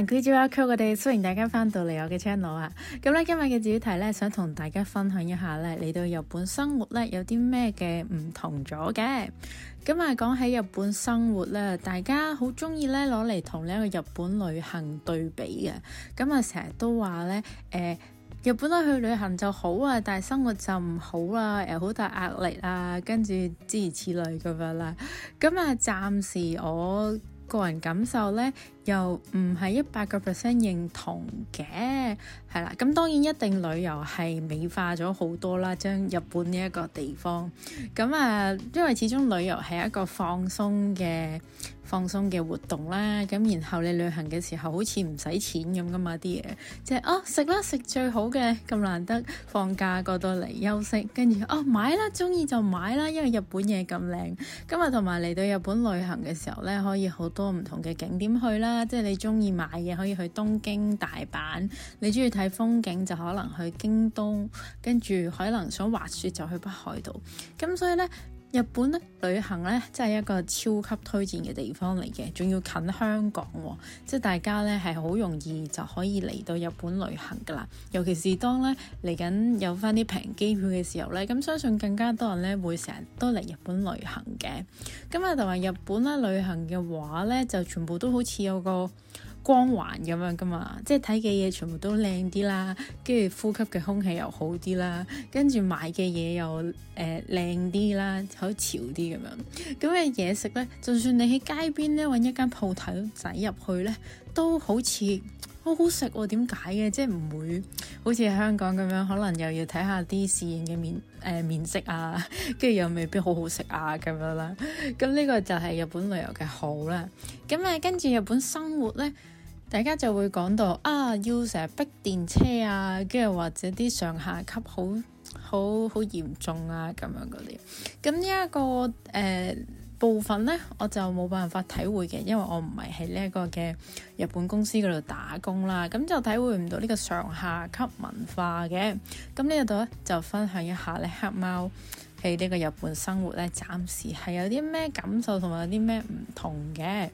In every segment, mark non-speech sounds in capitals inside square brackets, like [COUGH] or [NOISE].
嗯、我哋歡迎大家翻到嚟我嘅 channel 啊！咁、嗯、咧今日嘅主題咧，想同大家分享一下咧，你對日本生活咧有啲咩嘅唔同咗嘅。咁、嗯、啊，講起日本生活咧，大家好中意咧攞嚟同呢一個日本旅行對比嘅。咁、嗯、啊，成、嗯、日都話咧，誒、呃，日本都去旅行就好啊，但係生活就唔好啊，又、呃、好大壓力啊，跟住諸如此類咁樣啦。咁、嗯、啊、嗯，暫時我個人感受咧。又唔係一百個 percent 認同嘅，係啦。咁當然一定旅遊係美化咗好多啦，將日本呢一個地方。咁啊，因為始終旅遊係一個放鬆嘅放鬆嘅活動啦。咁然後你旅行嘅時候，好似唔使錢咁噶嘛啲嘢，即係哦食啦食最好嘅，咁難得放假過到嚟休息，跟住哦買啦鍾意就買啦，因為日本嘢咁靚。咁啊同埋嚟到日本旅行嘅時候咧，可以好多唔同嘅景點去啦。即係你中意買嘢可以去東京、大阪，你中意睇風景就可能去京都，跟住可能想滑雪就去北海道，咁所以呢。日本咧旅行咧，真係一個超級推薦嘅地方嚟嘅，仲要近香港、哦，即係大家咧係好容易就可以嚟到日本旅行噶啦。尤其是當咧嚟緊有返啲平機票嘅時候咧，咁、嗯、相信更加多人咧會成日都嚟日本旅行嘅。咁、嗯、啊，同、就、埋、是、日本咧旅行嘅話咧，就全部都好似有個。光環咁樣噶嘛，即係睇嘅嘢全部都靚啲啦，跟住呼吸嘅空氣又好啲啦，跟住買嘅嘢又誒靚啲啦，好、呃、潮啲咁樣。咁嘅嘢食咧，就算你喺街邊咧揾一間鋪頭仔入去咧，都好似好好食喎。點解嘅？即係唔會好似香港咁樣，可能又要睇下啲侍應嘅面誒面色啊，跟住又未必好好食啊咁樣啦。咁呢個就係日本旅遊嘅好啦。咁誒，跟住日本生活咧。大家就會講到啊，要成日逼電車啊，跟住或者啲上下級好好好嚴重啊咁樣嗰啲。咁呢一個誒、呃、部分咧，我就冇辦法體會嘅，因為我唔係喺呢一個嘅日本公司嗰度打工啦，咁就體會唔到呢個上下級文化嘅。咁呢度咧就分享一下咧，黑貓喺呢個日本生活咧，暫時係有啲咩感受同埋有啲咩唔同嘅。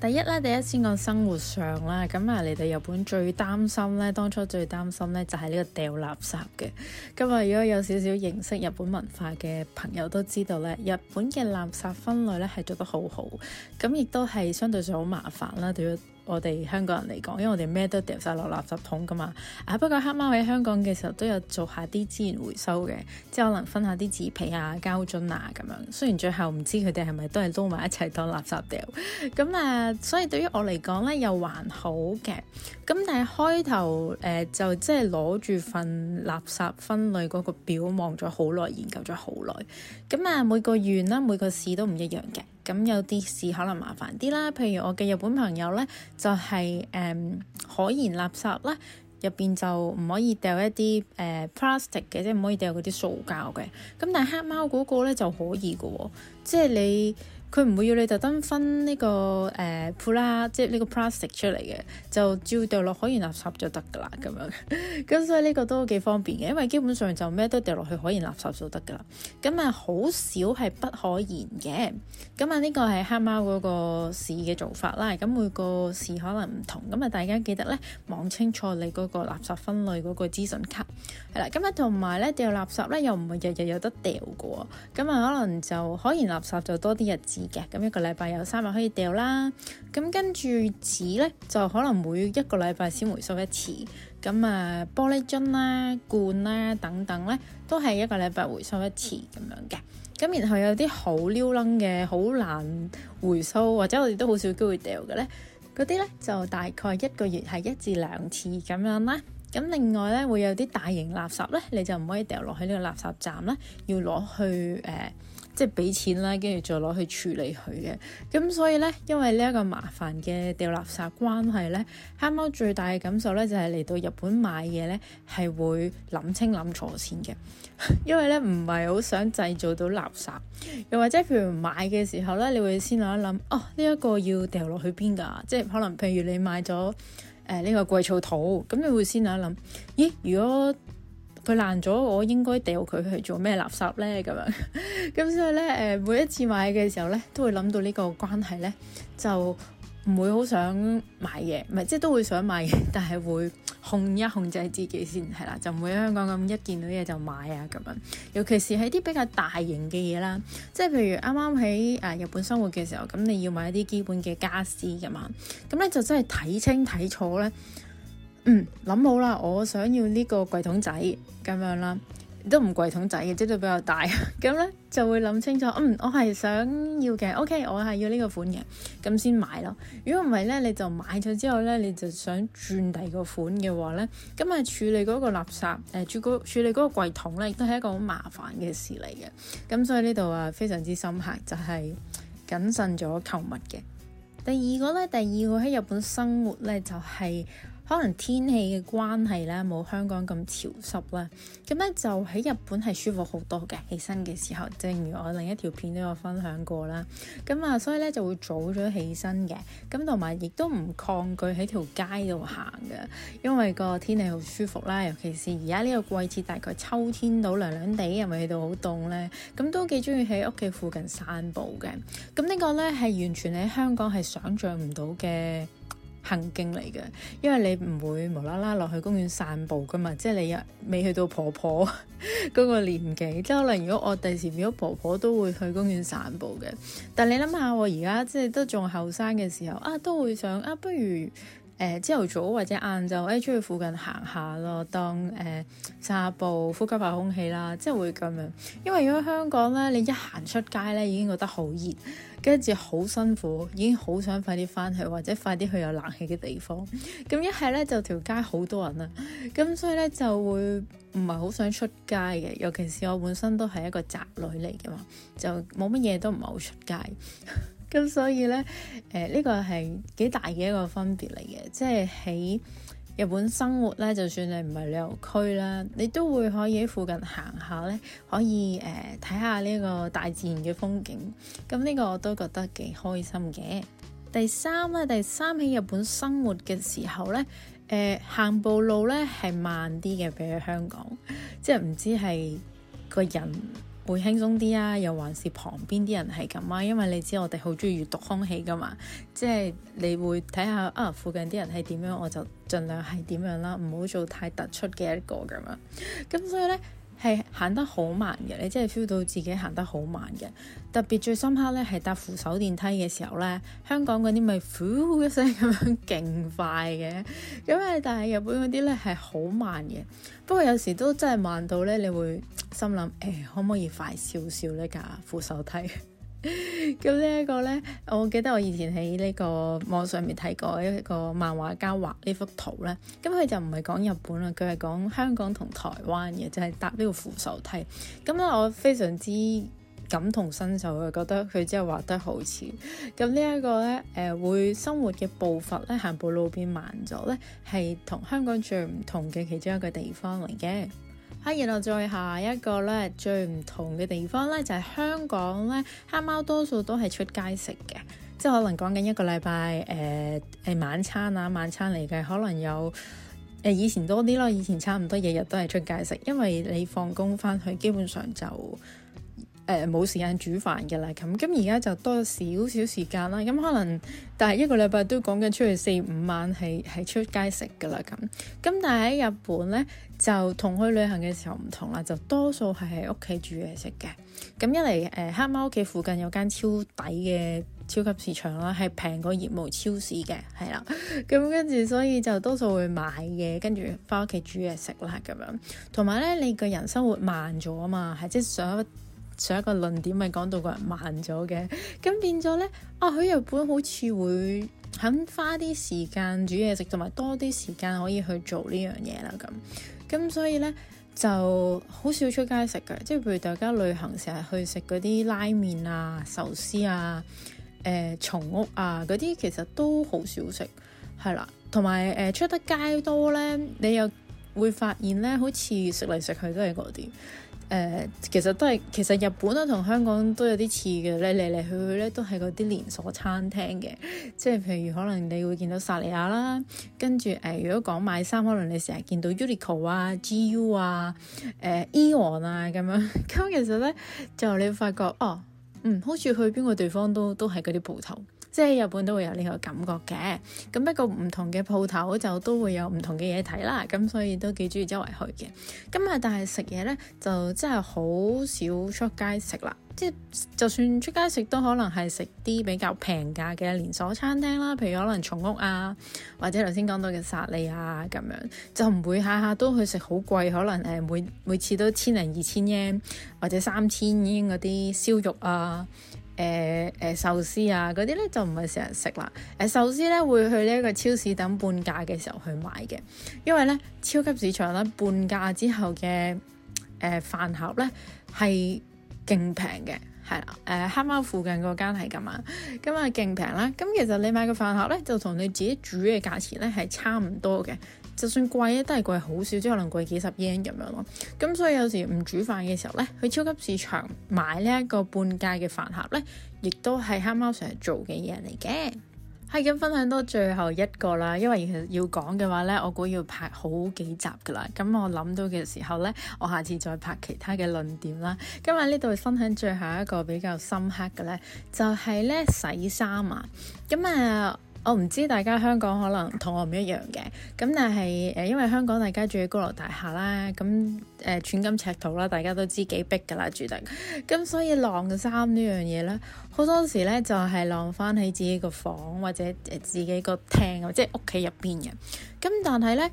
第一啦，第一先講生活上啦，咁啊，嚟到日本最擔心咧，當初最擔心咧就係呢個掉垃圾嘅。咁啊，如果有少少認識日本文化嘅朋友都知道咧，日本嘅垃圾分類咧係做得好好，咁亦都係相對上好麻煩啦，對於，我哋香港人嚟講，因為我哋咩都掉晒落垃圾桶㗎嘛。啊，不過黑貓喺香港嘅時候都有做下啲資源回收嘅，即係可能分下啲紙皮啊、膠樽啊咁樣。雖然最後唔知佢哋係咪都係撈埋一齊當垃圾掉。咁 [LAUGHS] 啊，所以對於我嚟講咧，又還好嘅。咁但係開頭誒就即係攞住份垃圾分類嗰個表望咗好耐，研究咗好耐。咁啊，每個縣啦，每個市都唔一樣嘅。咁有啲事可能麻煩啲啦，譬如我嘅日本朋友呢，就係、是、誒、嗯、可燃垃，垃圾啦，入邊就唔可以掉一啲誒 plastic 嘅，呃、Plastic，即係唔可以掉嗰啲塑膠嘅。咁但係黑貓嗰個呢就可以嘅喎、哦，即係你。佢唔會要你特登分呢、這個誒、呃、プラ,即係呢個 plastic 出嚟嘅，就照掉落可燃垃圾就得㗎啦，咁樣。咁 [LAUGHS] 所以呢個都幾方便嘅，因為基本上就咩都掉落去可燃垃圾就得㗎啦。咁啊，好少係不可燃嘅。咁啊，呢、這個係黑貓嗰個市嘅做法啦。咁每個市可能唔同。咁啊，大家記得咧，望清楚你嗰個垃圾分類嗰個資訊卡係啦。咁咧，同埋咧，掉垃圾咧又唔係日日有得掉嘅喎。咁啊，可能就可燃垃圾就多啲日子。嘅，咁一個禮拜有三日可以掉啦，咁跟住紙呢就可能每一個禮拜先回收一次，咁啊，玻璃樽啦、罐啦等等呢都係一個禮拜回收一次咁樣嘅，咁然後有啲好溜楞嘅、好難回收或者我哋都好少機會掉嘅呢，嗰啲呢就大概一個月係一至兩次咁樣啦，咁另外呢會有啲大型垃圾呢，你就唔可以掉落去呢個垃圾站啦，要攞去誒。即係俾錢啦，跟住再攞去處理佢嘅。咁所以呢，因為呢一個麻煩嘅掉垃圾關係呢，黑貓最大嘅感受呢，就係嚟到日本買嘢呢，係會諗清諗楚先嘅， [LAUGHS] 因為呢，唔係好想製造到垃圾，又或者譬如買嘅時候呢，你會先諗一諗，哦呢一個要掉落去邊㗎？即係可能譬如你買咗誒呢個貴草土，咁你會先諗一諗，咦如果佢爛咗，我應該掉佢去做咩垃圾咧？咁樣，咁所以咧，誒、呃、每一次買嘅時候咧，都會諗到呢個關係咧，就唔會好想買嘢，唔係即係都會想買嘢，但係會控一控制自己先係啦，就唔會喺香港咁一見到嘢就買啊咁樣。尤其是喺啲比較大型嘅嘢啦，即係譬如啱啱喺誒日本生活嘅時候，咁你要買一啲基本嘅家私。噶嘛，咁咧就真係睇清睇楚咧。嗯，諗好啦，我想要呢個櫃桶仔咁樣啦，都唔櫃桶仔嘅，即係比較大。咁 [LAUGHS] 呢就會諗清楚，嗯，我係想要嘅，OK，我係要呢個款嘅，咁先買咯。如果唔係呢，你就買咗之後呢，你就想轉第二個款嘅話呢。咁啊處理嗰個垃圾，誒、呃，處理嗰、嗰個櫃桶呢，亦都係一個好麻煩嘅事嚟嘅。咁所以呢度啊，非常之深刻，就係、係、謹慎咗購物嘅。第二個呢，第二個喺日本生活呢，就係、係。可能天氣嘅關係咧，冇香港咁潮濕啦，咁咧就喺日本係舒服好多嘅。起身嘅時候，正如我另一條片都有分享過啦，咁啊，所以咧就會早咗起身嘅，咁同埋亦都唔抗拒喺條街度行嘅，因為個天氣好舒服啦，尤其是而家呢個季節，大概秋天到涼涼地，又未去到好凍咧，咁都幾中意喺屋企附近散步嘅。咁呢個咧係完全喺香港係想象唔到嘅。行徑嚟嘅，因為你唔會無啦啦落去公園散步㗎嘛，即係你又未去到婆婆嗰 [LAUGHS] 個年紀，即係可能如果我第時如果婆婆都會去公園散步嘅，但你諗下我而家即係都仲後生嘅時候啊，都會想啊，不如。誒朝頭早或者晏晝，誒出去附近行下咯，當誒散下步，呼吸下空氣啦，即係會咁樣。因為如果香港咧，你一行出街咧，已經覺得好熱，跟住好辛苦，已經好想快啲翻去，或者快啲去有冷氣嘅地方。咁一係咧就條街好多人喇，咁所以咧就會唔係好想出街嘅。尤其是我本身都係一個宅女嚟嘅嘛，就冇乜嘢都唔係好出街。咁所以咧，誒、呃、呢、這個係幾大嘅一個分別嚟嘅，即係喺日本生活咧，就算你唔係旅遊區啦，你都會可以喺附近行下咧，可以誒睇下呢個大自然嘅風景。咁、嗯、呢、這個我都覺得幾開心嘅。第三咧、啊，第三喺日本生活嘅時候咧，誒、呃、行步路咧係慢啲嘅，比起香港，即係唔知係個人。會輕鬆啲啊，又還是旁邊啲人係咁啊，因為你知我哋好鍾意閲讀空氣㗎嘛，即係你會睇下啊，附近啲人係點樣，我就盡量係點樣啦，唔好做太突出嘅一個咁樣，咁所以咧，係行得好慢嘅，你真係 feel 到自己行得好慢嘅。特別最深刻咧，係搭扶手電梯嘅時候咧，香港嗰啲咪呼一聲咁樣勁快嘅，咁啊但係日本嗰啲咧係好慢嘅。不過有時都真係慢到咧，你會心諗誒、欸，可唔可以快少少呢架扶手梯？咁呢一個呢，我記得我以前喺呢個網上面睇過一個漫畫家畫呢幅圖呢，咁佢就唔係講日本啦，佢係講香港同台灣嘅，就係、是、搭呢個扶手梯。咁咧，我非常之感同身受啊，覺得佢真係畫得好似。咁呢一個呢，誒、呃，會生活嘅步伐咧，行步路變慢咗呢，係同香港最唔同嘅其中一個地方嚟嘅。然後再下一個咧，最唔同嘅地方咧，就係、是、香港咧，黑貓多數都係出街食嘅，即係可能講緊一個禮拜，誒、呃、誒晚餐啊，晚餐嚟嘅，可能有誒、呃、以前多啲咯，以前差唔多日日都係出街食，因為你放工返去，基本上就。誒冇、呃、時間煮飯嘅啦，咁咁而家就多咗少少時間啦。咁可能但係一個禮拜都講緊出去四五晚，係係出街食嘅啦。咁咁但係喺日本咧就同去旅行嘅時候唔同啦，就多數係喺屋企煮嘢食嘅。咁一嚟誒、呃，黑貓屋企附近有間超抵嘅超級市場啦，係平過業務超市嘅，係啦。咁跟住所以就多數會買嘢，跟住翻屋企煮嘢食啦。咁樣同埋咧，你個人生活慢咗啊嘛，係即係上一。上一個論點咪講到個人慢咗嘅，咁變咗呢。啊去日本好似會肯花啲時間煮嘢食，同埋多啲時間可以去做呢樣嘢啦咁。咁所以呢，就好少出街食嘅，即係譬如大家旅行成日去食嗰啲拉麵啊、壽司啊、誒、呃、松屋啊嗰啲，其實都好少食，係啦。同埋誒出得街多呢，你又會發現呢，好似食嚟食去都係嗰啲。誒、呃、其實都係，其實日本啦、啊、同香港都有啲似嘅，你嚟嚟去去咧，都係嗰啲連鎖餐廳嘅，即係譬如可能你會見到薩莉亞啦，跟住誒、呃、如果講買衫，可能你成日見到 Uniqlo 啊、GU 啊、誒、呃、Eon 啊咁樣。咁其實咧就你會發覺，哦，嗯，好似去邊個地方都都係嗰啲鋪頭。即係日本都會有呢個感覺嘅，咁不過唔同嘅鋪頭就都會有唔同嘅嘢睇啦，咁所以都幾中意周圍去嘅。咁啊，但係食嘢呢，就真係好少出街食啦，即係就算出街食都可能係食啲比較平價嘅連鎖餐廳啦，譬如可能松屋啊，或者頭先講到嘅薩莉亞咁樣，就唔會下下都去食好貴，可能誒每每次都千零二千 yen 或者三千 yen 嗰啲燒肉啊。誒誒、呃呃、壽司啊嗰啲咧就唔係成日食啦，誒、呃、壽司咧會去呢一個超市等半價嘅時候去買嘅，因為咧超級市場咧半價之後嘅誒、呃、飯盒咧係勁平嘅。係啦，誒、呃、黑貓附近嗰間係咁啊，咁啊勁平啦，咁、嗯、其實你買個飯盒咧，就同你自己煮嘅價錢咧係差唔多嘅，就算貴咧都係貴好少，即可能貴幾十日圓咁樣咯。咁、嗯、所以有時唔煮飯嘅時候咧，去超級市場買呢一個半價嘅飯盒咧，亦都係黑貓成日做嘅嘢嚟嘅。係咁分享多最後一個啦，因為其實要講嘅話咧，我估要拍好幾集噶啦。咁我諗到嘅時候咧，我下次再拍其他嘅論點啦。今日呢度分享最後一個比較深刻嘅咧，就係咧洗衫啊。咁啊。我唔、哦、知大家香港可能同我唔一樣嘅，咁但係誒、呃，因為香港大家住喺高樓大廈啦，咁誒寸金尺土啦，大家都知幾逼㗎喇，住得，咁所以晾衫呢樣嘢咧，好多時咧就係晾返喺自己個房或者自己個廳啊，即屋企入邊嘅，咁但係咧。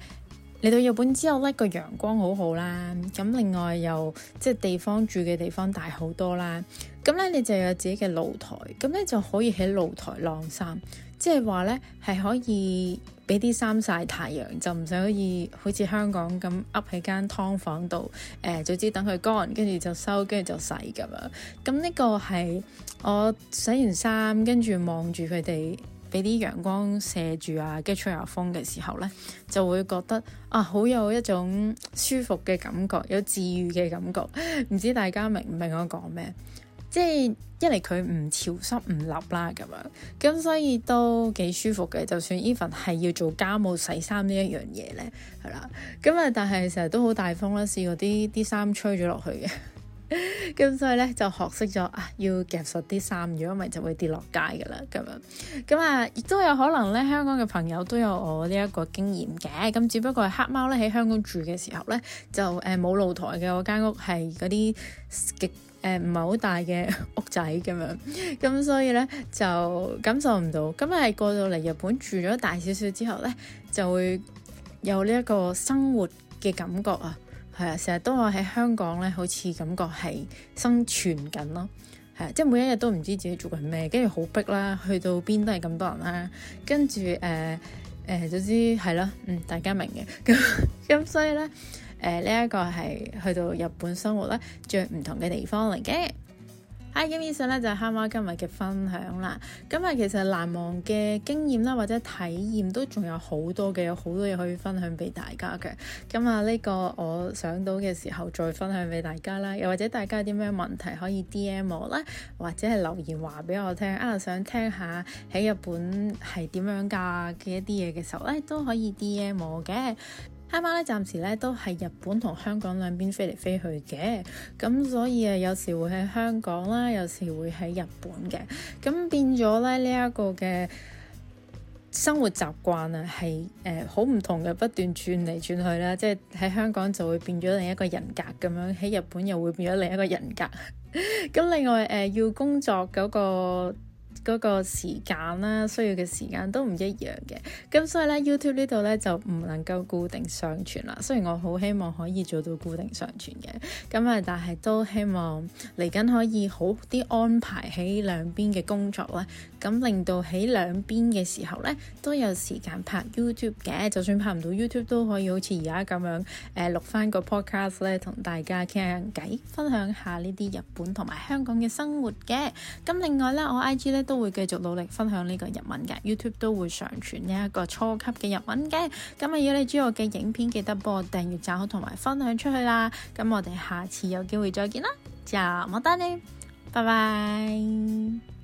嚟到日本之後呢、這個陽光好好啦，咁另外又即係地方住嘅地方大好多啦，咁呢，你就有自己嘅露台，咁呢，就可以喺露台晾衫，即係話呢，係可以俾啲衫曬太陽，就唔使可以好似香港咁噏喺間劏房度，誒、呃，早知等佢乾，跟住就收，跟住就洗咁樣。咁呢個係我洗完衫，跟住望住佢哋。俾啲陽光射住啊，跟住吹下風嘅時候咧，就會覺得啊，好有一種舒服嘅感覺，有治愈嘅感覺。唔知大家明唔明我講咩？即係一嚟佢唔潮濕唔立啦咁樣，咁所以都幾舒服嘅。就算 even 係要做家務洗衫呢一樣嘢咧，係啦。咁啊，但係成日都好大風啦，試過啲啲衫吹咗落去嘅。咁 [LAUGHS] 所以咧就學識咗啊，要夾實啲衫，如果唔係就會跌落街㗎喇，咁樣咁啊，亦都有可能咧，香港嘅朋友都有我呢一個經驗嘅，咁只不過係黑貓咧喺香港住嘅時候咧就誒冇，呃、露台嘅嗰間屋係嗰啲極誒唔係好大嘅屋仔咁樣，咁所以咧就感受唔到，咁係、啊、過到嚟日本住咗大少少之後咧就會有呢一個生活嘅感覺啊。係啊，成日都話喺香港咧，好似感覺係生存緊咯，係啊，即係每一日都唔知自己做緊咩，跟住好逼啦，去到邊都係咁多人啦，跟住誒誒，總之係咯，嗯，大家明嘅，咁咁所以咧，誒呢一個係去到日本生活咧，最唔同嘅地方嚟嘅。係咁以上咧就係哈馬今日嘅分享啦。咁啊，其實難忘嘅經驗啦，或者體驗都仲有好多嘅，有好多嘢可以分享俾大家嘅。咁啊，呢個我想到嘅時候再分享俾大家啦。又或者大家有啲咩問題可以 D M 我啦，或者係留言話俾我聽啊，想聽下喺日本係點樣噶嘅一啲嘢嘅時候咧，都可以 D M 我嘅。而家咧，暫時咧都係日本同香港兩邊飛嚟飛去嘅，咁所以啊，有時會喺香港啦，有時會喺日本嘅，咁變咗咧呢一個嘅生活習慣啊，係誒好唔同嘅，不斷轉嚟轉去啦。即係喺香港就會變咗另一個人格咁樣，喺日本又會變咗另一個人格。咁另, [LAUGHS] 另外誒、呃，要工作嗰、嗰個。個時間啦，需要嘅時間都唔一樣嘅，咁所以咧 YouTube 呢度咧就唔能夠固定上傳啦。雖然我好希望可以做到固定上傳嘅，咁啊但係都希望嚟緊可以好啲安排喺兩邊嘅工作啦，咁令到喺兩邊嘅時候咧都有時間拍 YouTube 嘅，就算拍唔到 YouTube 都可以好似而家咁樣誒錄翻個 podcast 咧，同大家傾下偈，分享下呢啲日本同埋香港嘅生活嘅。咁另外咧，我 IG 咧都～都會繼續努力分享呢個日文嘅 YouTube，都會上傳呢一個初級嘅日文嘅。咁啊，如果你中意我嘅影片，記得幫我訂閱、讚好同埋分享出去啦。咁我哋下次有機會再見啦，就咁多呢，拜拜。